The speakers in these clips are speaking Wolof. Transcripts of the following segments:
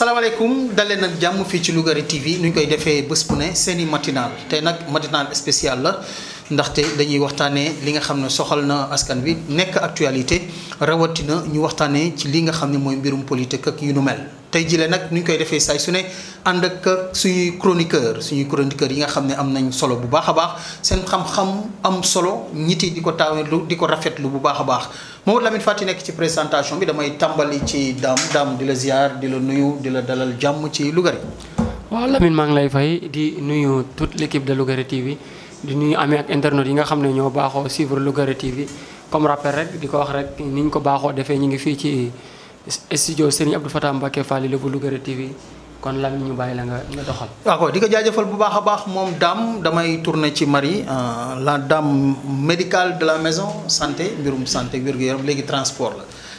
salaamaaleykum dal leen jàmm fii ci Lougaré TV nu ñu koy defee bés bu ne seeni i tey nag matinal spécial la ndaxte dañuy waxtaanee li nga xam ne soxal na askan wi nekk actualité rawatina ñu waxtaanee ci li nga xam ne mooy mbirum politique ak yu nu mel. tey jile nag nu ñu koy defee saay su ne ànd ak suñuy chroniqueur suñuy chroniqueur yi nga xam ne am nañu solo bu baax a baax seen xam-xam am solo ñiti di ko taawetlu di ko rafetlu bu baax a baax. Mamadou Lamine Fati nekk ci présentation bi damay tàmbali ci daam daam di la ziar di la nuyu di la dalal jàmm ci Lougaré. waaw Lamine maa ngi lay fay di nuyu toute l' équipe de Lougaré TV di nuyu amee ak internet yi nga xam ne ñoo baaxoo suivre Lougaré TV comme rappel rek di ko wax rek ni ñu ko baaxoo defee ñu ngi fii ci studio Serigne Abdou Fatah Mbacké Fall bu Lougaré TV. kon lan ñu bàyyi la nga nga doxal. waaw di ko jaajëfal bu baax a baax moom daam damay tourner ci Marie euh, la dame médical de la maison santé mbirum santé wér-gu-yaram léegi transport la.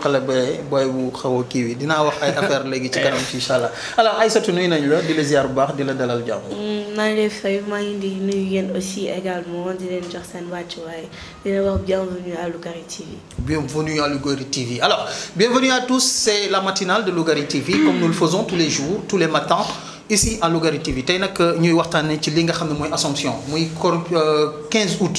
xale boy booy bu xaw a wi dinaa wax ay affaire léegi ci kanam ci incha alors Aïssatou nuy nañ la di la ziar bu baax di la dalal jàmm. Mm, maa ngi lay fay maa ngi di nuyu yéen aussi également di len jox seen wàccuwaay di leen wax bienvenue à Lougaré TV. bienvenue à Lougaré TV alors bienvenue à tous c'est la matinale de Lougaré TV comme nous le faisons tous les jours tous les matins. ici à Lougaré TV tay nak euh, ñuy waxtane ci li nga xam moy Assomption moy 15 euh, août.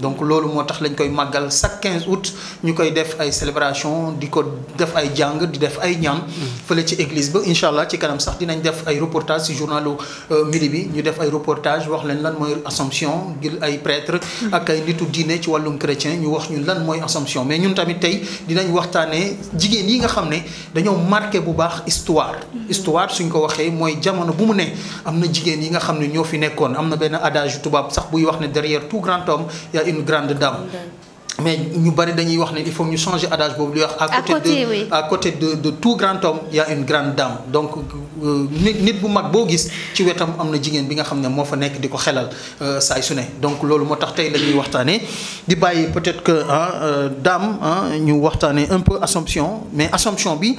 donc loolu motax lañ koy chaque 15 août nous def ay célébration diko def ay nous di def ay ci église ba inshallah ci kanam sax dinañ def ay euh, midi bi ñu def ay reportage wax lan assomption ay prêtre ak ay nitu chrétien mais ñun tamit dinañ yi nga marqué bu baax histoire. histoire suñ ko waxé moy bu mu yi nga fi adage sax derrière tout grand homme une grande dame. mais nous, bari dañuy wax il faut changer adage wax. à côté de à côté de tout grand homme il y a une grande dame donc euh, nit nous bu mag bo gis ci wétam amna jigen bi nga xamné mo fa nek euh, donc nous, motax tay la peut-être que hein, euh, dame hein, ñu waxtané un peu assomption mais assomption bi.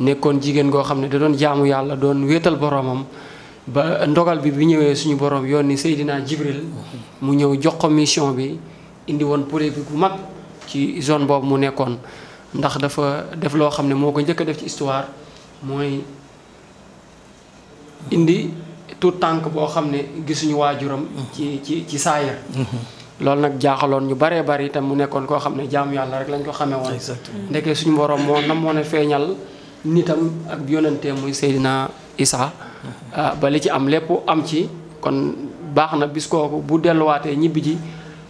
nekkoon jigéen goo xam ne da doon jaamu yàlla doon wéetal boroomam ba ndogal bi bi ñëwee suñu boroom borom yónni Seydina Jibril mu ñëw jox ko mission bi indi woon polémique bu mag ci zone boobu mu nekkoon ndax dafa def loo xam ne moo ko njëkk a def ci mooy indi tout tànk boo xam ne gisuñu waajuram ci ci ci saayir loolu nag jaaxaloon ñu baree bari tam mu nekkoon koo xam ne jaamu yàlla rek lañ ko xamee woon ndekee suñu borom moo nam a feeñal nitam ak yonenteem muy Seydina Isaa ah, ba li ci am lépp am ci kon baax na bis kooku bu delluwaatee ñibbi ji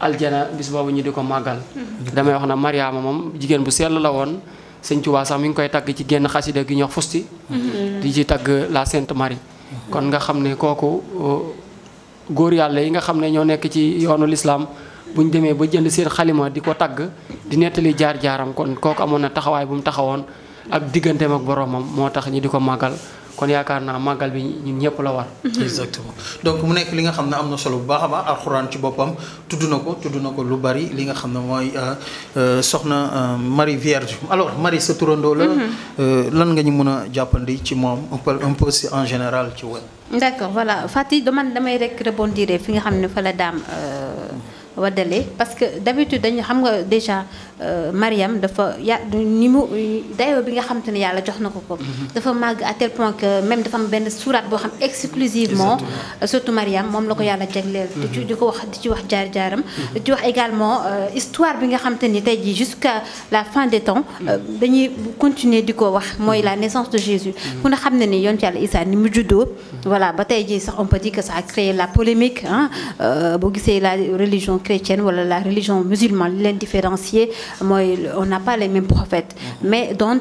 aljana bis boobu ñu di ko màggal damay wax na Mariama moom jigéen bu sell la woon sëñ Tuubaa sax mi ngi koy tagg ci génn xasida gi ñox fusti di ci tagg la Sainte Marie kon nga xam ne kooku uh, góor yàlla yi nga xam ne ñoo nekk ci yoonu lislaam bu ñu demee ba jënd seen xalima di ko tagg di nettali jaar jaaram kon kooku amoon na taxawaay bu mu taxawoon ak digganteem ak boromam moo tax ñu di ko màggal kon yaakaar naa màggal bi ñun ñëpp la war. Mhm. exactement donc mu nekk li nga xam ne am na solo bu baax a baax alxuraan ci boppam tudd na ko tudd na ko lu bari li nga xam ne mooy euh, euh, soxna euh, Marie Vierge alors Marie sa turandoo la. Mhm. lan nga ñu mën a jàppandi ci moom un peu un en général ci wàll. d'accord voilà Fatick damay rek rebondir fi nga xam ne fa la daam. Wadale parce que d'habitude dañu xam nga déjà euh, Mariam dafa ya ni mu dayo bi nga xam tane yalla jox nako ko mhm. dafa mag à tel point que même dafa am benn suuraat xam exclusivement surtout Mariam mom la ko yàlla jagleel. di mhm. wax di ci wax jaar jaaram. Mhm. di wax également euh, histoire bi nga xam tane ni jusqu'à la fin des temps. Euh, dañuy continuer diko wax moy la naissance de Jésus. ku ne xam ne ni yonent yàlla Isa ni mu juddoo. voilà ba tey jii sax on peut dire que ça a créé la polémique hein bo gisee la religion chrétienne wala la religion musulmane l'indifférencier moi on n'a pas les mêmes prophètes mm-hmm. mais dans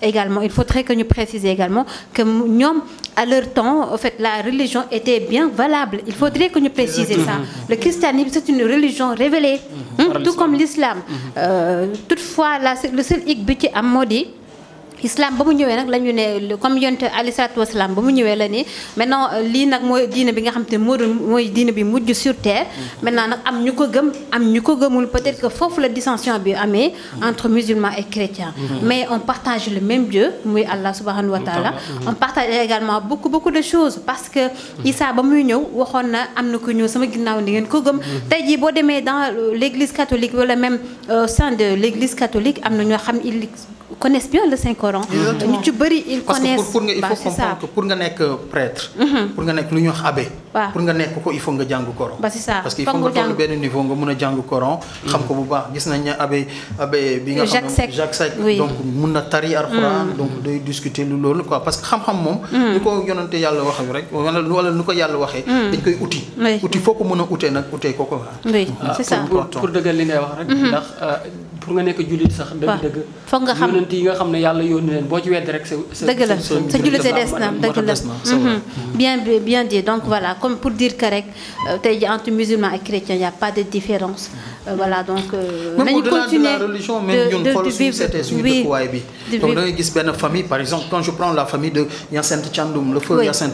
également il faudrait que nous précisions également que nous, à leur temps en fait la religion était bien valable il faudrait que nous précisions mm-hmm. ça mm-hmm. le christianisme c'est une religion révélée hein, tout comme l'islam euh, toutefois la le seul hic a maudit, islam ba ñëwé nak lañu né comme yonte ali sattou wasalaam ba ñëwé la ni maintenant euh, li nak moy diine bi nga xam te moy doon bi mujj sur terre mm. maintenant nak am ñuko gëm am ñuko gëmul peut-être que fofu la dissension bi amé mm. entre musulmans et chrétiens mm-hmm. mais on partage le même Dieu moy Allah subhanahu wa taala mm-hmm. on partage également beaucoup beaucoup de choses parce que mm-hmm. Issa ba ñëw waxon na am ko ñëw sama ginnaw ni ngeen ko gëm tay ji bo démé dans l'église catholique wala même euh, au sein de l'église catholique am ñu xam il connaissent bien le Saint Coran. ils connaissent. pour il faut bah, comprendre que pour nga prêtre. Mhm. pour nga pour il faut nga le Coran. Bah, parce que faut niveau nga Coran. xam ko bu Jacques donc Coran il mm. donc discuter lu parce que xam-xam mm. ko yonante le rek wala ko c'est ça pour li ngay wax rek mm-hmm. ndax. Euh, pour bien dit donc voilà pour dire correct euh, entre musulmans et chrétiens il n'y a pas de différence mhm. euh, voilà donc euh, de religion famille par exemple quand je prends la famille de Tchandoum, le feu nous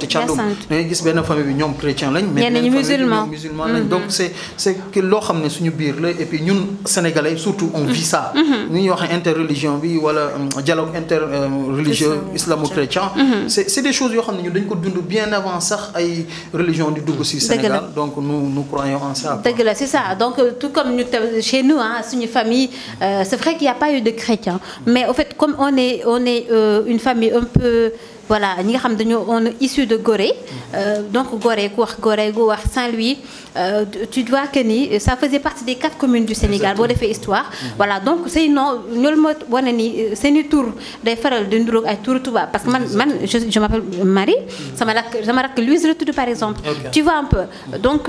une famille mhm. donc c'est que et sénégalais surtout ça. Mm-hmm. ni a une interreligion bi wala euh, dialogue interreligieux euh, islamo-chrétien. Mm-hmm. c'est des choses qui xam a ñu bien avant sax ay religion du dugg c'est Sénégal donc nous nous croyons en ça. c'est ça donc euh, tout comme chez nous c'est hein, une famille c'est vrai qu'il n'y a pas eu de chrétiens mais au fait comme on est on est une famille un peu voilà ñi nga xam on issu de Gorée euh, donc Gorée ko wax Gorée wax Saint-Louis euh, tu vois que ni ça faisait partie des quatre communes du Sénégal bo fait histoire mm-hmm. voilà donc c'est une autre ma woné ni c'est euh, i tour, day faral de nduróog ay tour Touba parce que man je m'appelle Marie ça mm-hmm. m'a sama rak Louise par exemple tu vois un peu donc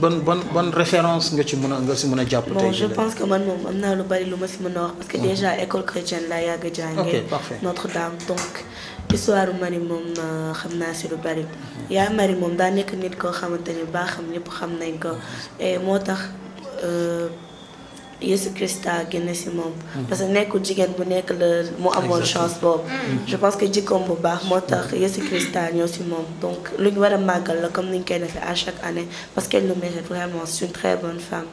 bonne bonne bonne référence nga ci mën a nga si mën a jàpp. tey je pense que man moom am naa lu bari lu ma wax. parce que mhm. déjà école chrétienne laa yàgg a jàngee. Notre-Dame donc. histoire Marie moom euh, xam naa si lu bari mhm. yaa Marie moom daa nekk nit koo xamante ni baaxam ñëpp xam nañ ko mhm. moo tax. Euh, Yesu a gagné ce mhm. parce que nekkul jigéen que le la chance mhm. je pense que jikkoom comme baax tax Yesu donc lu ñu magal comme à chaque année parce qu'elle nous mérite vraiment c'est une très bonne femme.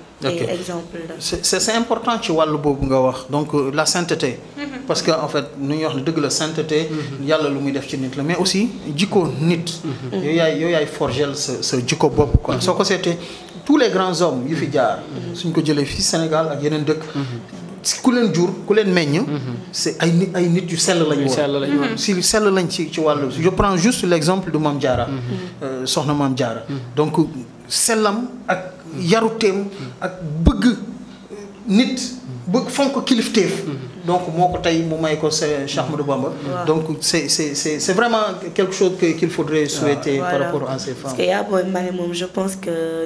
exemple c'est important tu vois le nga donc euh, la sainteté. Mhm. parce que en fait nous York wax sainteté. le mais aussi nit. yow forger ce tous les grands hommes yu mhm. Mhm. suñ ko Sénégal ak dëkk. Mhm. ku ku c'est ay nit ay yu si lañ ci je prends juste l'exemple de Mame euh, soxna donc sellam ak yarutem nit. bëgg fonk donc donc c'est vraiment quelque chose qu'il faudrait souhaiter par rapport à ces femmes je pense que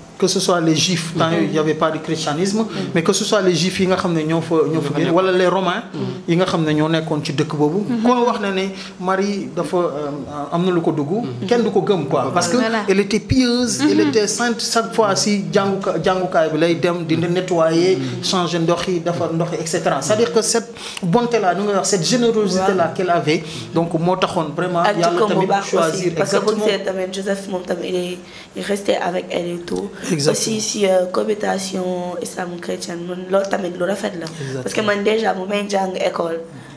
que ce soit les juifs mhm. il n'y avait pas de christianisme mhm. mais que ce soit les juifs les romains mhm. Marie parce que elle était pieuse elle était sainte chaque fois si Django nettoyer changer c'est-à-dire que cette bonté là cette générosité là qu'elle avait donc a vraiment parce que Joseph il avec elle et tout aussi si euh, cohabitation islam chrétienne man loolu tamit lu rafet la parce que man déjà moi même jàng école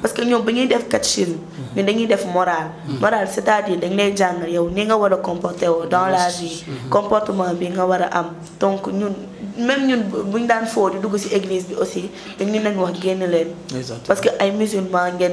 parce que ñoom bu ñuy def catéchisme ñun mm-hmm. dañuy def morale. Mm-hmm. morale c'est-à-dire dañ lay jàngal yow ni nga war a comporter woo dans la vie. Mm-hmm. comportement bi nga war a am donc ñun même ñun bu ñu daan foo di dugg ci église bi aussi dañu leen wax génn leen. parce que ay musulman ngeen.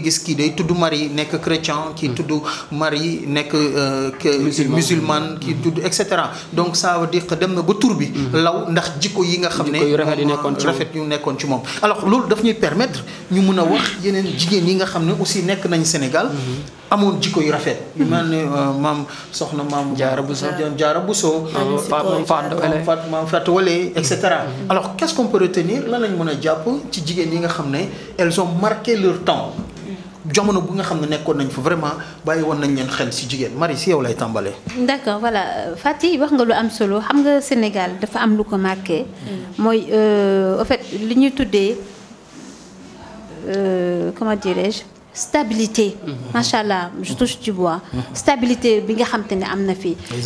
qui gis ki day tudd mari chrétien qui hmm. euh, musulman hmm. donc ça veut dire que dem ba tour bi hmm. law ndax yi nga alors daf ñuy permettre ñu mëna wax yenen yi aussi nañ Sénégal amone jiko yu rafet euh, alors qu'est-ce qu'on peut retenir lan lañ ci yi nga elles ont marqué leur temps jamono bu nga vraiment won nañ xel ci yow lay d'accord voilà Fati wax nga lu Sénégal lu ko marqué. Mm. en euh, fait li ñuy euh comment dirais-je stabilité mhm. machallah je touche du bois mhm. stabilité bi nga xam te ne am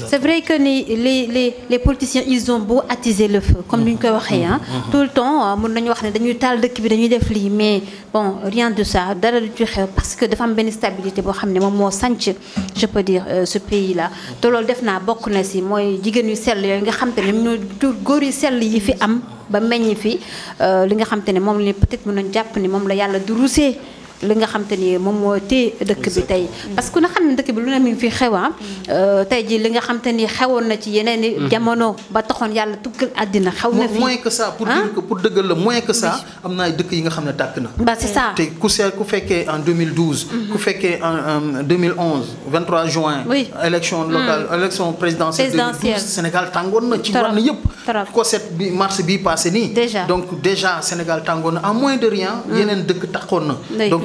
c'est vrai que les les les politiciens ils ont beau attiser le feu comme ni ñu mhm. koy waxee ah tout le temps euh, mun nañu wax ne dañuy taal dëkk bi dañuy def lii mais bon rien de ça dara du ci xew parce que dafa am benn stabilité boo xam ne moom moo je peux dire euh, ce pays là te loolu def naa bokk na si moy jigéen sel sell nga xam te ne ñoo jur yi fi am ba meññ fi euh, li nga xam te ne moom peut-être mën nañ jàpp ni mom la yalla du rousser linga nga xam te ni moom moo téye dëkk bi tey parce que ku na xam dëkk bi lu mi ngi fi xewa ah. euh, tey ji li nga xam ni xewoon na ci yeneen i mhm. jamono ba taxoon yàlla tukkal àddina xew fi moins que ça pour dire ah. que pour dëggal le moins que ça amna naa dëkk yi nga xam ne na ba c'est ça te ku seet ku fekkee en 2012 mhm. ku fekkee en 2011 23 juin élection mhm. locale élection présidentielle 2012 Sénégal tàngoon na ci wàll yëpp ko seet bi mars bi passé nii donc déjà Sénégal tàngoon en moins de rien yeneen dëkk tàkkoon na donc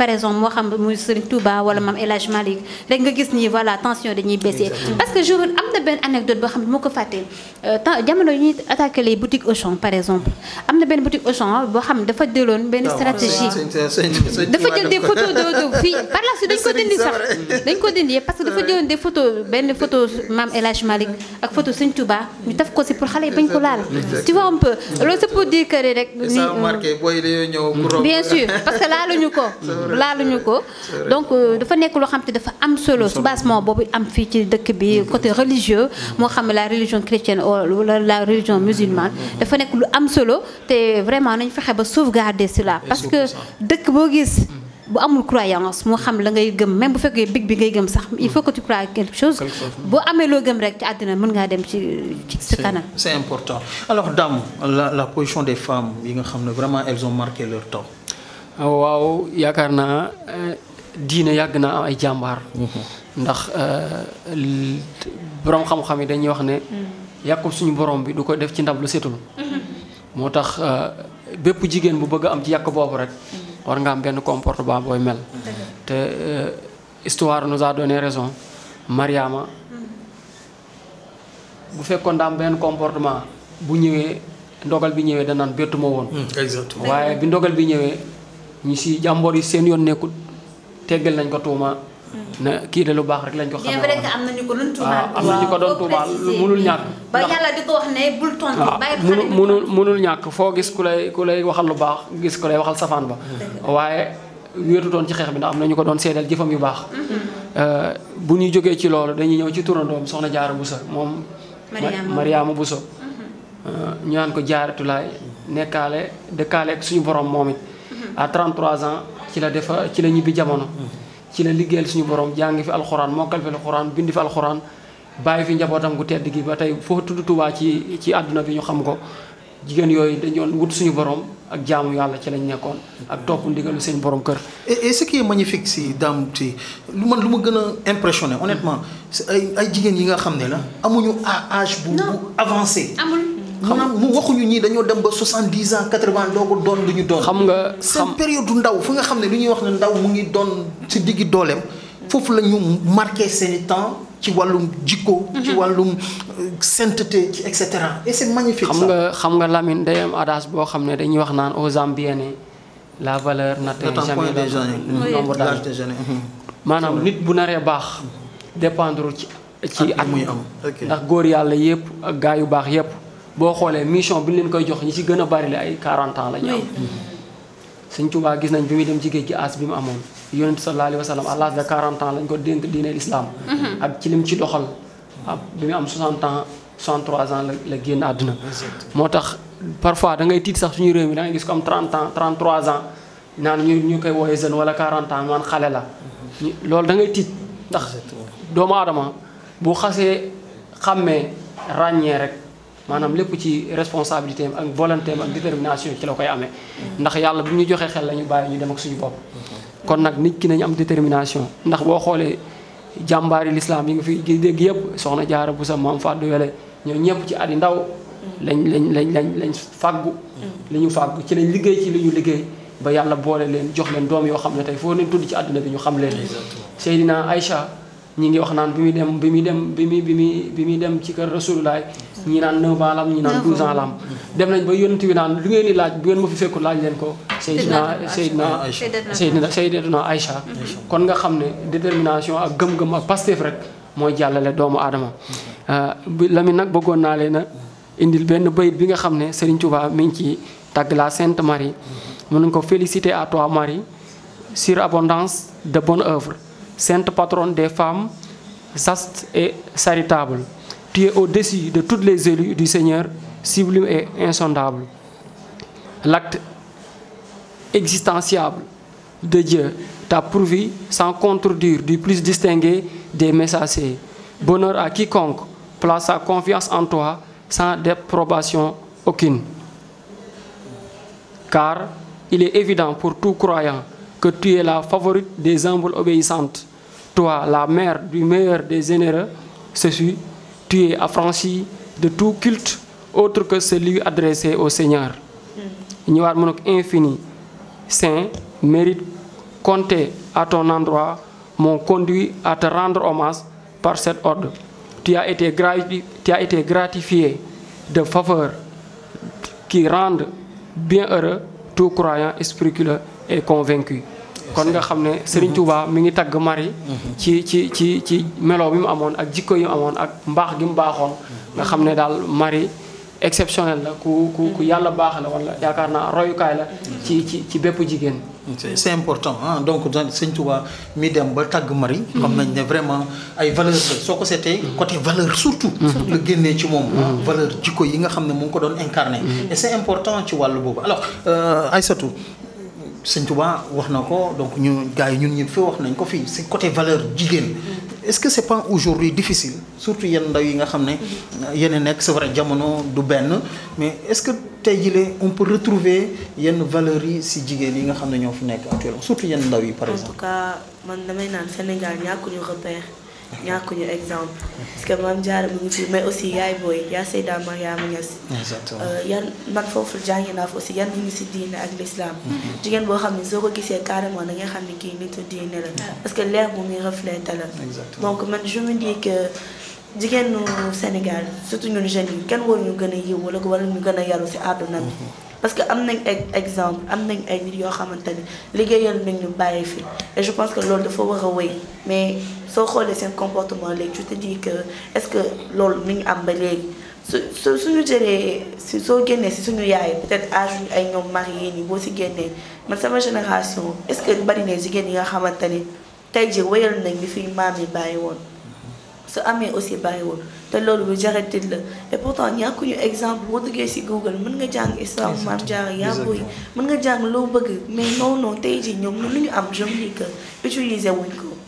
par exemple moi xam muy Serigne Touba wala maam El Hadj rek nga gis ni voilà tension dañuy baissé parce que jour am na benn anecdote bo xam ne moo ko fàttee euh, jamono ñuy attaquer les boutiques Auchan par exemple am na benn boutique Auchan bo xam dafa jëloon ben stratégie dafa jël des photos de fii par la suite dañ ko dindi sax dañ ko dindi parce que dafa jëloon des photos ben photo maam El Malik ak photo Seigne Touba ñu taf ko ci pour xalé bañ ko laal tu vois un peu alors c'est pour dire que rek ni euh, bien sûr parce que laaluñu ko laaluñu ko donc euh, dafa nek loo xam te dafa am solo soubassement bobu am fi ci dëkk bi mm-hmm. côté religieux mo xam la religion chrétienne ou la religion musulmane mm-hmm. dafa nek lu am solo té vraiment nañ fexé ba sauvegarder cela parce que dëkk bo gis mm-hmm. bu amul croyance mo xam la ngay gëm même bu fekkee big bi ngay gëm sax il faut que tu crois quelque chose bu amee loo gëm rek ci adina mën dem ci ci sa c'est important alors Dame la position des femmes yi nga vraiment elles ont marqué leur temps Ah, waaw yaakaar naa eh, diine yàgg naa am ay jàmbaar. Mhm. ndax eh, borom xam-xam yi dañuy wax ne. Mm. yàqul suñu borom bi du ko def ci ndab lu setul. Mm-hmm. moo tax eh, bépp jigéen bu bëgg am ci yàq boobu rek. Mm-hmm. war nga am benn comportement booy mel. Mm-hmm. te histoire nous a donné raison. Mariama bu fekkoon daa benn comportement bu ñëwee ndogal bi ñëwee danaan bettu ma woon. Mm, waaye bi ndogal bi ñëwee. ñu si jàmboor yi seen yoon nekkul teggal nañ ko tuuma. Mm. na kii de lu baax rek lañ ko xam. am ñu ko doon tuumaal. Ah, am na ñu ko munul ñàkk. Ah, munul munul ñàkk foo gis ku lay ku lay waxal lu baax gis ku lay waxal safaan ba. waaye wéetutoon ci xeex bi ndax am na ñu ko doon seedal jëfam yu baax. Mm-hmm. Eh, bu ñuy jógee ci loolu dañuy ñëw ci turandoom soxna jaaro Bousso moom. Mariama Bousso mm-hmm. eh, ñu naan ko jaaratulaay nekkaale dëkkaale ak suñu borom moom it. à 33 ans ci la defa ci la ñibbi jamono. ci la liguel suñu borom jàngi fi alcorane mo fi alcorane bindi fi alcorane il fi njabotam gu tedd gi ba tay fo tuddu tuba ci ci aduna bi ñu xam ko jigen yoy dañu wut suñu borom ak jaamu yalla ci lañ nekkon ak a ndigalu suñu borom kër. et ce qui est magnifique si Dame Ti lu ma impressionné honnêtement ay ay yi nga xamné la amuñu âge bu avancé. maanaam mu waxuñu ñii dañoo dem ba soixante dix ans quatre vingt doo ko doon lu ñu doon. xam nga seen période ndaw fu nga xam ne lu ñuy wax ne ndaw mu ngi doon ci diggi dooleem. foofu la ñu marqué seen temps ci wàllum jikko. ci mhm. wàllum euh, sainteté ci et cetera et c'est magnifique. xam nga xam nga Lamine day am adage boo xam ne dañuy wax naan aux Zambiens la valeur n'atteint jamais le nombre d'années mhm. maanaam nit bu naree baax mhm. dépendre ci ci at muy am ndax góor yàlla yëpp ak gaa yu baax yëpp. boo xoolee mission bi ñu leen koy jox ñi ci gën a bari la ay 40 ans la ñu am. Sëñ Tuubaa gis nañ bi muy dem ci géej gi bi mu amoon yonent sallallahu alayhi wa sallam à l'âge de 40 ans lañ ko dénk diine l'islam. Mhm. ak ci lim ci doxal. ak bi mu am 60 ans 63 ans la la génn àdduna. moo tax parfois da ngay tiit sax suñu réew mi da gis ko am 30 ans 33 ans naan ñu ñu koy wooyee jeune wala 40 ans man xale la. Mhm. loolu da ngay tiit ndax doomu aadama bu xasee xàmmee ràññee rek. maanaam lépp ci responsabilité am ak volonté am ak détermination ci la koy amee ndax yàlla bu ñu joxee xel la ñu bàyyi ñu dem ak suñu bopp kon nag nit ki nañu am détermination ndax boo xoolee jàmbaari lislaam yi nga fi dégg yëpp soxna jaara bu sa maam fàddu wele ñoo ñëpp ci at yi ndaw lañ lañ lañ lañ lañ fàggu mm. li ñu fàggu ci lañ liggéey ci li ñu liggéey ba yàlla boole leen jox leen doom yoo xam ne tey foo leen tudd ci àdduna bi ñu xam leen Seydina Aïcha ñi ngi wax naan bi muy dem bi muy dem bi muy bi muy bi muy dem ci kër Rasulullah ñi naan 9 la ñi naan 12 ans la am dem nañ ba yonent bi naan lu ngeen di laaj bu ngeen ma fi fekkul laaj leen ko Seydina Seydina Seydina Seydina Aïcha kon nga xam ne détermination ak gëm-gëm ak Pastef rek mooy jàllale doomu aadama euh, Lamine nag bëggoon naa leen a indil benn bayit bi nga xam ne Serigne Touba mi ngi ci tàgg la Sainte Marie mën nañ ko félicité à toi Marie surabondance de bonne œuvre sainte patronne des femmes saste et charitable. Tu es au-dessus de toutes les élus du Seigneur, sublime et insondable. L'acte existentiel de Dieu t'a pourvu sans contredire du plus distingué des messagers. Bonheur à quiconque place sa confiance en toi sans déprobation aucune. Car il est évident pour tout croyant que tu es la favorite des humbles obéissantes toi, la mère du meilleur des généreux, ceci, tu es affranchi de tout culte autre que celui adressé au Seigneur. Hmm. infini, saint, mérite compter à ton endroit m'ont conduit à te rendre hommage par cet ordre. Tu as été, gratifié de faveurs qui rendent bien heureux tout croyant, spirituel et convaincu kon nga xam ne Serigne Touba mi ngi tag mari mhm. ci ci ci ci meloo bi mu amone ak jikko yi mu amoon ak mbaax gi mu baxone nga xam dal mari exceptionnel la ku ku ku mhm. yàlla baax la wala yaakaar naa kay la mhm. ci ci ci bépp jigen c'est important hein donc sëñ Touba mi dem ba tag mari xam nañ ne vraiment ay valeurs soko cété côté valeur surtout le génnee ci mom valeur jikko yi nga xam ne mu ko don incarné et c'est important ci wàllu bobu alors euh Aïssatou c'est Touba wax na donc ñu gaay ñun fi wax nañ ko côté valeur mm. est-ce que c'est pas aujourd'hui difficile surtout ndaw yi nga mm-hmm. mais est-ce que on peut retrouver yenn valeur yi si jigen yi nga xamné surtout par exemple en tout cas man damay ñàkkuñu exemple parce que Mame Diarra mu ngi fi mais aussi yaay booy yaa Seyda Mariama Niass euh, yan man foofu jàngi naa fa aussi yan ñu ngi si diine ak l'islam mm-hmm. jigéen boo xam ne soo ko gisee carrément na nga xam ni kii nitu diine la parce que leer bu muy reflété la donc man je me dis que jigéenu Sénégal surtout ñun jeunes yi kenn ñu gën a yiw wala ko wala ñu gën a yaru si àdduna bi mm-hmm. parce que am nañ exemple am nañ ay nit yoo xamante ni liggéeyal nañ ñu bàyyi fi et je pense que loolu dafa war a mais mais soo xoolee seen comportement léegi je te dis que est ce que loolu mi ngi am ba léegi su su suñu jëlee si soo génnee si suñu yaay peut être âge ay ñoom marié ni boo si génnee man sama génération est ce que bari na jigéen yi nga xamante ni tey jii wéyal nañ li fi maam yi bàyyi su amee aussi bàyyiwul te loolu bu jaretit la et pourtant ñàkkuñu exemple boo duggee ci Google mën nga jàng histoire Mame Diarra Yabou yi mën nga jàng loo bëgg mais non non tey jii ñoom lu ñu am je me dis que utiliser wuñ ko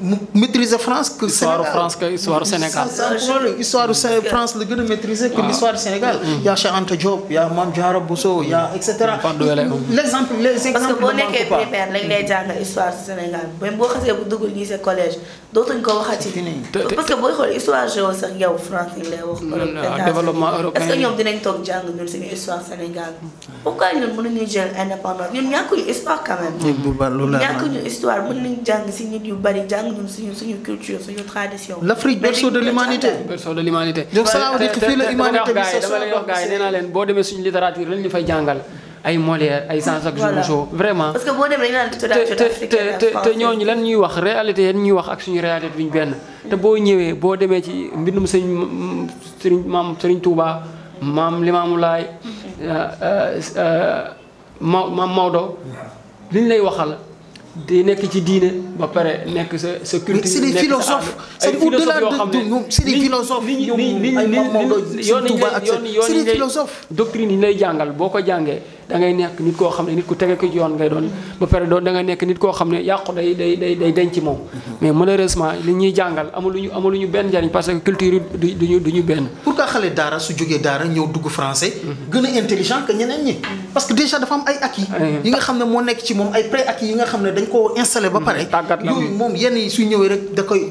mu maîtriser France que histoire France que histoire Sénégal. histoire France le gars maîtriser que ah. l'histoire Sénégal. Mm-hmm. y' a Cheikh Anta il y' a Mame Diarra Bousso y' a et cetera. les exemples. parce que boo nekkee primaire les lay jàngal histoire Sénégal Sénégal même boo xasee bu dugg lycée collège dootuñ ko waxati. parce que booy xool histoire géo sax yow France lañ lay wax. développement européen est ce que ñoom dinañ toog jàng ñun suñu histoire Sénégal. pourquoi ñun mënuñu jël indépendance ñun ñàkkuñu histoire quand même. Mm-hmm. ñàkkuñu histoire mën nañu jàng si nit yu bari ak ñun suñu suñu culture suñu tradition. l'Afrique berceau de l'humanité berceau de l'humanité donc ça veut dire fii la humanité bi sa dama lay wax gars yi nee leen boo demee suñu littérature lañ ñu fay jàngal ay Molière ay Jean-Jacques Rousseau vraiment parce que boo demee dañu naan littérature africaine te te te ñooñu lan ñuy wax réalité yan ñuy wax ak suñu réalité duñ benn. te boo ñëwee boo demee ci mbindum sëñ sëriñ maam sëriñ Touba maam Limaamu Laay mm-hmm. euh, euh, euh, maam Maodo liñ lay waxal. di nekk ci diiné ba paré nek sa sa culture. nekk sa philosophes c'est au-delà de ñoom c'est les philosophes. ñoom ay Pape Maodo Serigne Touba ak c'est des philosophes. doctrine yi lay jàngal boo ko da ngay nekk nit koo xam ne nit ko ci yoon ngay doon ba pare doon da nekk nit koo xam ne yàqu day denc moom mhm. mais malheureusement li ñuy jàngal amuluñu amuluñu benn njariñ parce que culture yi du ñu benn pourquoi xale daara su jógee daara ñëw dugg français mhm. gën a intelligent que ñeneen ñi mhm. parce que déjà dafa am ay acquis yi nga xam ne moo nekk ci moom ay pré acquis yi nga xam ne dañ ko installé ba pare tàggat la yooyu moom yenn suy ñëwee rek da koy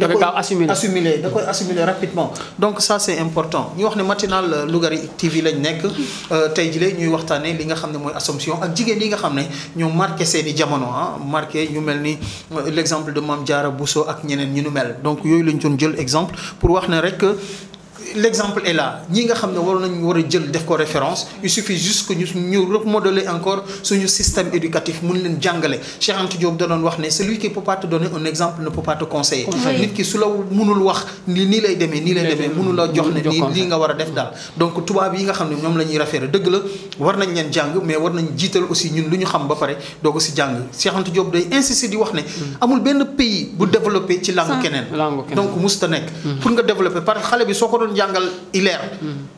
assumption Assomption ak jigéen yi nga xamné marqué ces ah, marqué euh, l'exemple de Mme Bousso ak mel donc yoy lañ ton jël exemple pour wax ne rek l'exemple est là ñi nga xam ne waroon nañu war jël def ko référence il suffit juste que ñu ñu remodeler encore suñu système éducatif mun leen jàngale Cheikh Anta Diop da doon wax ne celui qui peut pas te donner un exemple ne peut pas te conseiller. nit ki su la munul wax ni nii lay demee nii lay demee munul la jox ne nii lii nga wara a def daal. donc tubaab yi nga xam ne ñoom la ñuy référé dëgg la war nañ leen jàng mais war nañ jiital aussi ñun lu xam ba pare doo aussi si jàng Cheikh Anta Diop day insister di wax ne. Hmm. amul benn pays bu développé ci langue keneen. donc musta nekk. Hmm. pour nga développer par xale bi soo ko jàngal ileer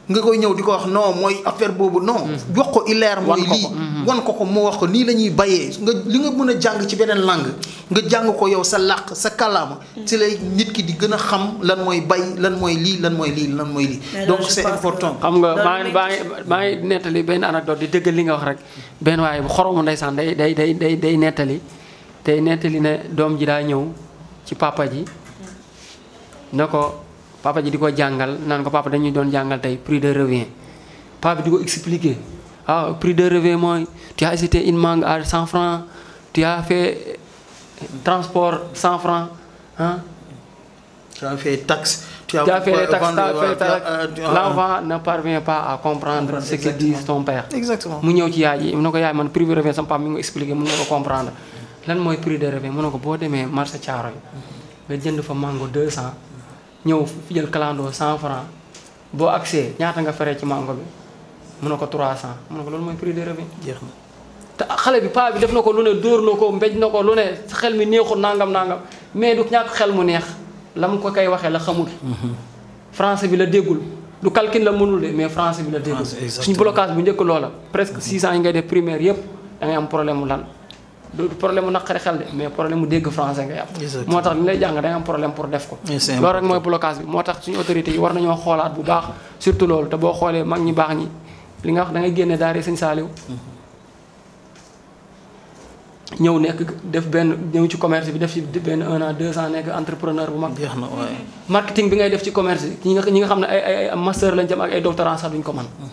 nga koy ñëw di ko wax non mooy affaire boobu non jox mm-hmm. ko ileer mooy lii mm-hmm. wan ko ko moo wax ko nii la ñuy bayee nga li nga mën a jàng ci beneen langue nga jàng ko yow sa làq sa kàllaama mm-hmm. ci lay nit ki di gën a xam lan mooy bay lan mooy lii lan mooy lii lan mooy lii donc c'est important xam nga maa ngi maa ngi nettali benn anecdote di dëggal li nga wax rek benn waaye bu xoromu ndeysaan day day day day day nettali day nettali ne doom ji daa ñëw ci papa ji na ko papa jadi ko jangal nan ko papa dañuy don jangal tay prix de revient papa diko expliquer ah prix de revient moy tu as acheté une mangue à 100 francs tu as fait transport 100 francs hein ah. tu as fait taxe tu as, tu as fait les taxes, fait taxes. Euh, L'enfant ne parvient pas à comprendre, ce que dit ton père. Exactement. Mu ñew ci yaay yi mu ko yaay man prix de revient sama papa mi ngi expliquer mu ko comprendre. Lan moy prix de revient mu ko bo démé marché tiaro nga jënd fa mango 200 ñëw jël kalandoo cent franc boo accès ñaata nga feree ci mango bi mun na ko trois cent mun na ko loolu mooy prix de revient jeex na te xale bi paa bi def na ko lu ne dóor na ko mbéj na ko lu ne xel mi neexul nangam nangam mais du ñàkk xel mu neex la mu ko koy waxee la xamul. Mhm. français bi la déggul du calcul la mënul de mais français bi la déggul. suñu blocage bu njëkk loola. presque six ans yi ngay def primaire yëpp da am problème mu lan. du problème mu naqari xel de mais problème mu dégg français ngay am. moo tax li lay jàng da nga am problème pour def ko. loolu rek mooy blocage bi moo tax suñu autorités yi war nañoo xoolaat bu baax surtout loolu te boo xoolee mag ñi baax ñi li nga wax dangay ngay génne daara sëñ Saaliw ñëw nekk def benn ñëw ci commerce bi def ci benn un an deux ans nekk entrepreneur bu mag. jeex na waaye marketing bi ngay def ci commerce ñi nga ñi nga xam ne ay ay master lañ jëm ak ay doctorant ko man mhm.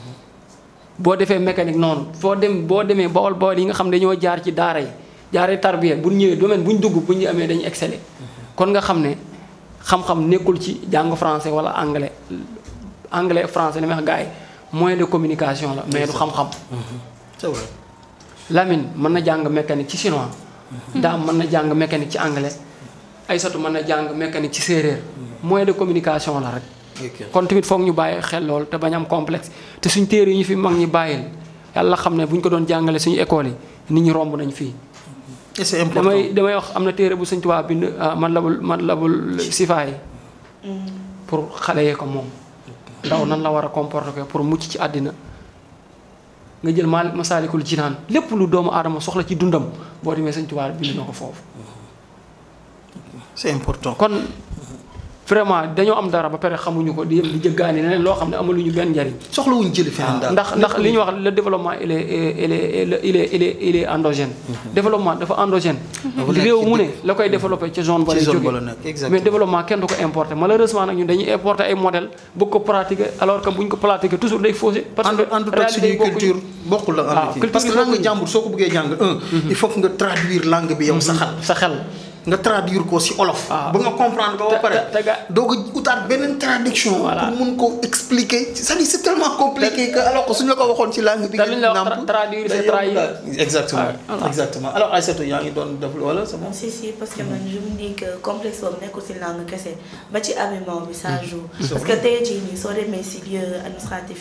boo defee mécanique noonu foo dem boo demee Bawol Bawol yi nga xam ne dañoo jaar ci daara yi. jaaré tarbiya bu ñëwee domaine bu ñu dugg bu amé dañu dañuy exceller kon nga xamné ne xam-xam nekkul ci jang français wala anglais anglais français li wax gaay yi moyen de communication la mais du xam-xam. Mhm. c'est vrai Lamine man na jang mécanique ci chinois. Mhm. da man na jang mécanique ci anglais Aïssatou man na jang mécanique ci séeréer. moyen de communication la rek. kon tamit foog ñu baye xel lool te bañ am complexe te suñu téré ñu fi mag ñi bayil yalla xam ne ko doon jangalé suñu école yi nit ñi romb nañ fi et c'est important damay damay wax am na téere bu sëñ Tuubaa bind ah, man labul man labul sifaay mm. pour xale yee ko moom. ndaw nan la war a comporte comporter pour mucc ci àddina nga jël ma masaalikul jinaan lépp lu doomu aadama soxla ci dundam boo demee sëñ Tuubaa bind na ko foofu. c'est important vraiment dañoo am dara ba pare xamuñu ko di yem jëggaani loo xam ne amaluñu benn njariñ. soxlawuñu jëli feneen ah, daal ndax ndax li ñuy wax le développement il est il est il est il est il est endogène. Mhm. développement dafa endogène. réew mu ne la koy développé ci zone. ba lay jógee mais développement kenn du ko importé malheureusement nag ñun dañuy importé ay modèle bëgg ko pratiquer alors que buñ ko pratiquer toujours day faussé. parce que réalité ah, jàmbur soo ko bëggee jàng un. Mhm. il faut que mhm. sa xel. nga traduire ko ci olof. Ah. ba nga comprendre ba pare. te te doog a traduction. voilà pour mun ko expliquer. ça dit c'est tellement compliqué que alors que suñu la ko waxoon ci langue bi. ngeen traduire c'est trahir. exactement ah, exactement alors ay yaa ngi don def wala c'est bon. si si parce que man je me dis que complexe boobu nekkul ci langue kessé ba ci habillement bi ça hmm. joue. parce que tey jii nii soo demee ci lieu administratif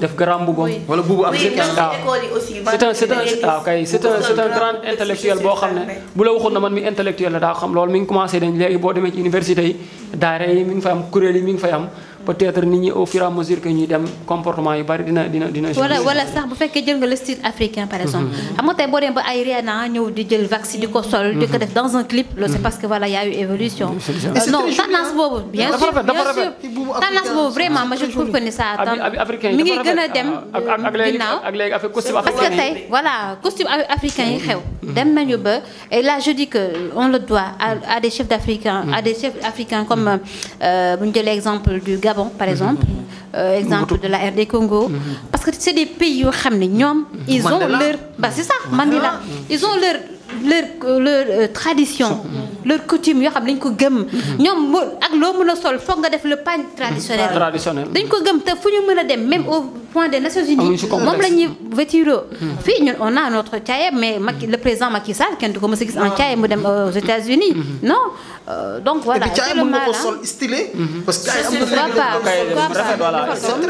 def garam bu wala buubu am. c'est un c'est grand intellectuel boo xam ne bu la waxoon na man mi intellectuel la daa xam loolu mi ngi commencé dañ léegi boo demee ci dem comportement yu bari dina dina dina. wala mm-hmm. di ko sol. di ko mm-hmm. def dans un clip. loolu c'est mm-hmm. parce que voilà y évolution. Euh, non boobu. bien sûr bien sûr tendance boobu vraiment ma ngi gën dem ginnaaw ak léegi affaire costume africain parce que tey voilà costume africain yi xew. dem nañu ba et là je dis que on le doit à des chefs africains, à des chefs africains comme mm-hmm. euh de l'exemple exemple du Gabon par mm-hmm. exemple. Euh, exemple de la RD Congo. Mm-hmm. parce que c'est des pays où xam ne ils ont leur bah c'est ça Mandela ils ont leur leur leur euh, tradition. leur coutume yoo xam dañ ko gëm. Mm-hmm. ñoom ak lo mëna sol foog nga def le pagne traditionnel. traditionnel dañ ko gëm te fuñu mëna mën dem même au point des Nations Unies moom la ñuy vétiro fii on a notre cahier mais Macky le président Macky Sall kenn du ko mës a gis en cahier mu euh, dem aux États-Unis hmm. non euh, donc voilà cahier mën nga ko sol stylé hmm. parce que cahier am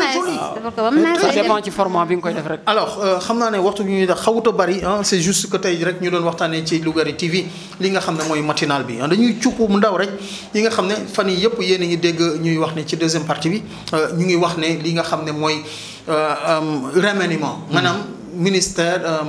na defar ko ba mu nice ça dépend ci format bi nga koy def rek alors euh, xam naa ne waxtu bi ñuy def xawut bari hein, c'est juste que tey rek ñu doon waxtaanee ci Lougaré TV li nga xam moy matinal bi hein. dañuy cupp mu ndaw rek yi nga xam ne fan yi yëpp yéen a dégg ñuy wax ne ci deuxième partie bi ñu ngi wax ne li nga xam moy euh, euh, remaniement hmm. maanaam ministère euh,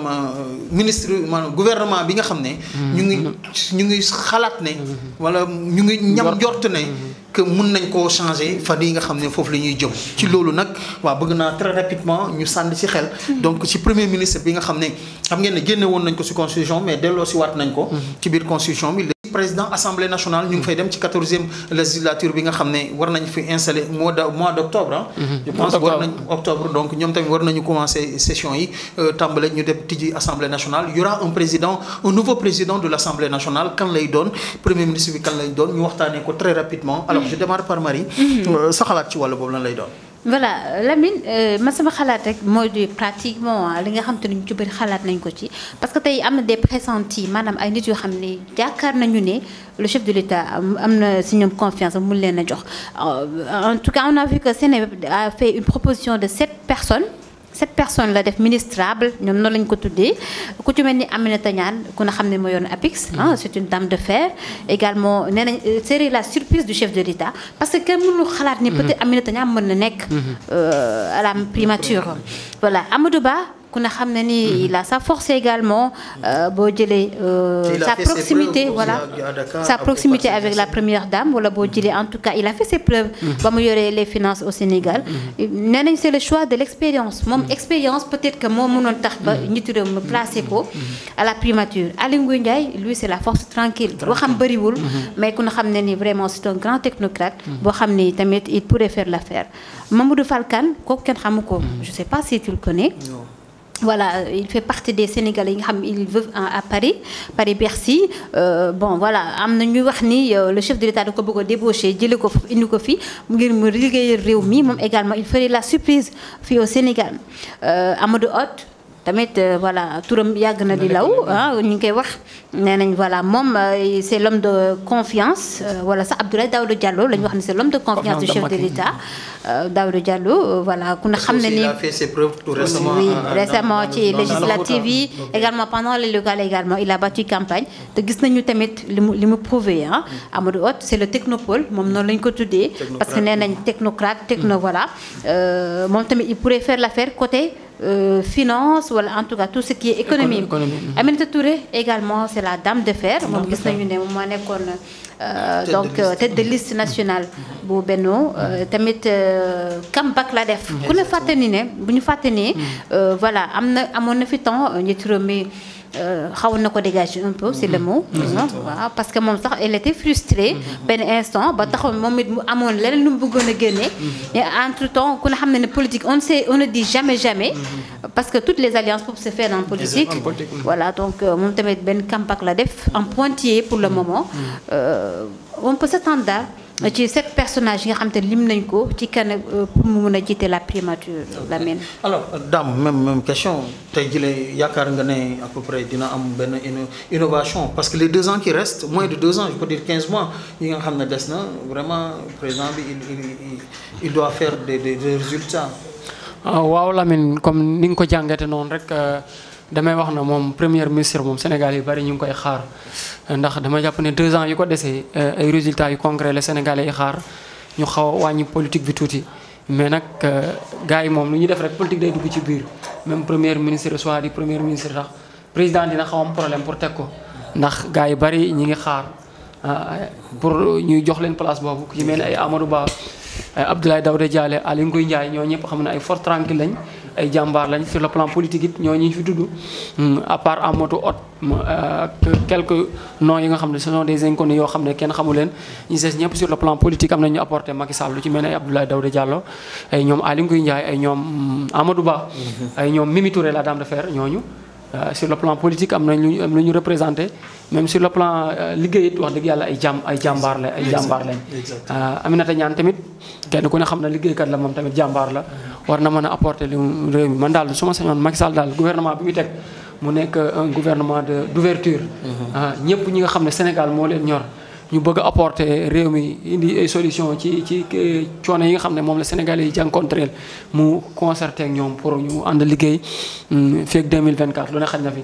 ministre manam gouvernement bi nga xamné hmm. ñu ngi hmm. ñu ngi xalat né wala ñu ngi ñam njort né que mën nañ ko changer fa yi nga xamné fofu lañuy jëm ci lolu nak wa bëgg na très rapidement ñu sand ci xel donc ci premier ministre bi nga xamné xam ngeen ne génné won nañ ko ci constitution mais delloo ci wat nañ ko ci biir constitution bi président de l'Assemblée nationale nous avons fait dem 14e législature bi nga xam war nañ fi installer mois d'octobre, hein. mhm. je pense octobre donc nous avons commencé la session nous euh, avons ñu dem l'Assemblée assemblée nationale y aura un président un nouveau président de l'Assemblée nationale kan lay premier ministre bi kan lay nous ñu très rapidement. alors mhm. je démarre par Marie. ça mhm. euh, va ci wàllu boobu lan voilà Lamine euh, ma sama xalaat rek mooy pratiquement li nga xam te ne ñu ko ci parce que tay amna des pressentis maanaam ay nit yo xamni nañu ne le chef de l'État amna na si confiance mu leena jox euh, en tout cas on a vu que Seneweb a fait une proposition de sept personnes cette personne là def ministrable ñom lañ mm-hmm. ah, une dame de fer également euh, c'est la surprise du chef de l'État parce que nous mënu mm-hmm. peut-être Aminata Niane mm-hmm. euh, à la primature voilà Amadou Ba il a sa force également euh, Bo euh, sa proximité voilà sa proximité avec la première dame wala en tout cas il a fait ses preuves pour mm-hmm. améliorer les finances au Sénégal mm-hmm. c'est le choix de l'expérience Mon mm-hmm. expérience peut-être que je ne tax pas me placer ko à la primature lui c'est la force tranquille mais ku mais vraiment c'est un grand technocrate Bo il pourrait faire l'affaire Mamoudou ne je sais pas si tu le connais non voilà, il fait partie des Sénégalais ils vivent euh, à Paris, Paris-Bercy. Euh, bon, voilà, euh, le chef de l'État de nous débauché, Indoukofi, également, il ferait la surprise au Sénégal. Euh, mode tamit euh, voilà touram yàgg na di law ah ñu ngi wax nenañ voilà mom euh, c'est l'homme de confiance euh, voilà ça Abdoulaye Daouda Diallo lañ wax ni c'est l'homme de confiance du chef de l'État Daouda Diallo voilà ku ne xam ni il a fait ses preuves tout récemment oui récemment ci législative également pendant les locales également il a battu campagne te gis nañu tamit limu prouvé hein mm. Amadou Hott c'est le technopole mom non lañ ko tuddee parce que nenañ technocrate techno mm. voilà mom tamit il pourrait faire l'affaire côté Finances euh, finance en tout cas tout ce qui est économie Touré également c'est la dame de fer donc euh, tête de liste nationale bu Benno mm-hmm. euh, tamit comeback la def mm-hmm. ku ne ne mm-hmm. voilà à mon euh, xawoon na ko dégager un peu c'est le mm-hmm. mot. waaw mm-hmm. parce que mom sax elle était frustrée. ben instant ba taxaw moom it mu amoon leneen lu mu bëggoon Mais entre temps ku ne xam ne politique on ne sait on ne dit jamais jamais. parce que toutes les alliances peuvent se faire en politique. voilà donc euh, mom tamit ben campak la def en pointillé pour le moment. Euh, on peut s'attendre euh, ces sept personnages yi nga xam lim nañ ko ci kan euh, pour mu mun la primature, la primature alors euh, Dame même même question tey jii yaakaar nga ne à peu près dina am innovation parce que les deux ans qui restent moins de deux ans je peux dire quinze mois yi nga xam des vraiment présent bi il il il doit faire des des résultats. Ah, waaw Lamine comme ni nga ko rek. damay wax na moom premier ministre moom Sénégal yi bari ñu ngi koy xaar ndax dama jàpp ne deux ans yu ko desee euh, ay résultats yu concret la Sénégalais yi xaar ñu xaw a wàññi politique bi tuuti. mais nag euh, gars yi moom lu ñu def rek politique day dugg ci biir même première ministre soit di premier ministre sax président dina xaw am problème pour teg ko ndax gars yu bari ñi ngi xaar euh, pour ñuy jox leen place boobu ku ci ne ni ay Amadou Ba ay Abdoulaye Daouda Diallo Aly Ngouille Ndiaye ñoo ñëpp xam ne ay force tranquille lañ. ay jàmbaar lañ sur le plan politique it ñoo ñu fi tudd hmm, à part moto ot hmm, euh, quelques noms yi nga xam ne ce sont des inconnus yoo xam ne kenn xamu leen ñu sees ñëpp sur le plan politique am nañu apporté Macky Sall lu ci mel ne ay Abdoulaye Daouda Diallo ay ñoom Aly Ngouille Ndiaye ay ñoom hmm, Amadou Ba mm-hmm. ay ñoom Mimi Touré la de fer ñooñu Euh, sur le plan politique am na ñu am lu ñu représenté même sur le plan euh, liggéey it wax dëgg yàlla ay jàmm ay jàmbaar la ay jàmbaar lañ. Euh, Aminata ñaan tamit kenn ku ne xam na liggéeykat la moom tamit jàmbaar la war na mën a apporter lu réew mi man daal su ma sañoon Macky Sall daal gouvernement bi muy teg mu nekk un gouvernement de d'ouverture. Mm-hmm. ñëpp ñi nga xam ne Sénégal moo leen ñor. ñu bëgg a réew mi indi solution ci ci coono yi nga xam ne moom la Sénégalais yi jànkonteel mu concerté ak ñoom pour ñu ànd liggéey mm, feeg 2024 lu ne xaj na fi.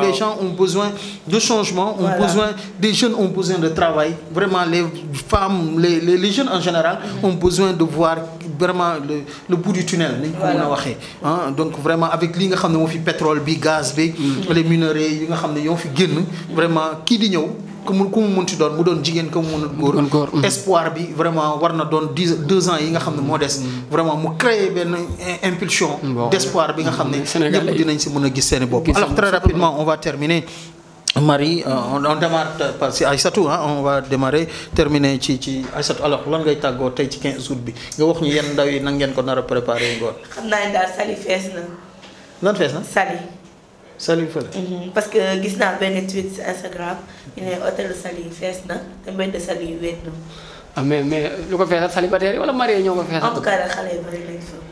les gens ont besoin de changement ont besoin des jeunes ont besoin de travail vraiment les femmes les les jeunes en général mm-hmm. ont besoin de voir vraiment le bout du tunnel. Hein, donc vraiment avec li nga pétrole bi gaz mm. les minerais yi nga xamné vraiment qui di doon mu doon mm. espoir bi vraiment doon ans yi nga xamné mo mm. vraiment mu impulsion d'espoir bi très rapidement on va terminer Marie eh, on démarre euh, par si Aïssatou ah on va démarrer terminer ci ci Aïssatou alors lan ngay tàggoo tey ci 15 août bi nga wax ñu yenn ndaw yi nan ngeen ko nara a préparé ngoon. xam naa ne daal Saly fees na. lan fees na Saly. Saly fële. Mhm, parce que gis naa benn tweet si Instagram ñu ne hôtel Saly fees na te mbedd Saly wéet ah, mais mais lu ko feesal célibataire wala marié ñoo ko feesal. en tout cas daal xale yu bari lañ fa.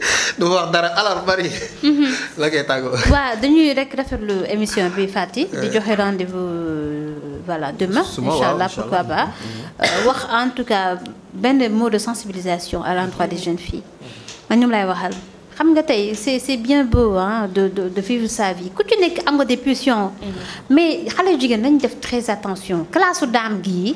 du wax dara alors bari mhm. la koy tàggoo. waaw dañuy rek rafetlu émission bi Fati. di joxe rendez-vous euh, voilà demain. incha allah pourquoi pas. Euh, wax en tout cas benn mot de sensibilisation à l'endroit des jeunes filles man ñoom laay waxal. xam nga tey c'est c'est bien beau hein de de de vivre sa vie ku ci nekk am nga des pulsions. Mhm. mais xale jigéen nañ def très attention classe su daam gii.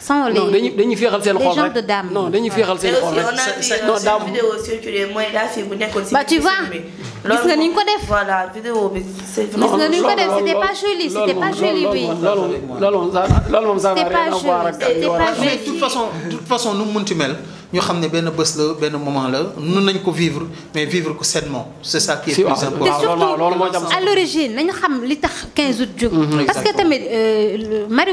sans les non de non tu vois voilà vidéo c'était pas joli c'était pas joli de toute façon toute façon nous moment Nous vivre mais vivre c'est ça qui est plus important à l'origine nous 15 août mhm. parce que euh, mari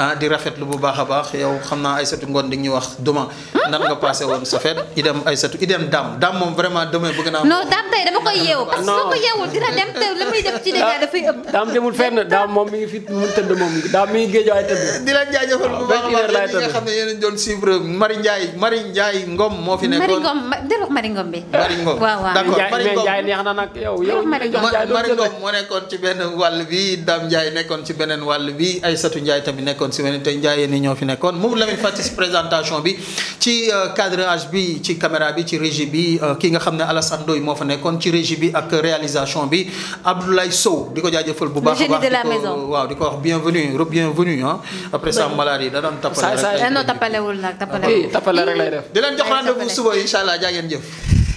ah di lu bu baax a baax yow xamna naa Aysatu Ngoon di ñu wax duma nan nga passé won sa fête idem Aysatu idem dam dam mom vraiment demé bëgg na non dam tay dama koy yeewu parce ah, que soo ko dina dem te li muy def ci da fay ëpp. dam demul fenn dam mom mi fi mu tëdd mom dam mi ngi ay waay di la jaajëfal bu baax a baax yéen nga xamné yeen ñu doon suivre Mari ndjay Mari ndjay Ngom mo fi nekkon Mari Ngom wax Mari Ngom bi. Mari Ngom waaw waaw d'accord Mari Ngom ndjay neex na nak yow yow Mari Ngom mo nekkon ci benn wàll bi Dam ndjay nekkon ci benen wàll bi Aysatu ndjay tamit nekkoon nekkoon si weneen tey njaayeen ni ñoo fi nekkoon Mamadou Lamine Faty si présentation bi ci euh, cadrage bi ci caméra bi ci régie bi euh, ki nga xamné ne Alassane Ndoye moo fa nekkoon ci régie bi ak réalisation bi Abdoulaye Sow diko ko bu baax a baax waaw di wax bienvenue re bienvenue ah hein. après ça maladie da dañ ça doon eh tappale rek lay def di leen jox rendez-vous suba incha allah jaa ngeen jëf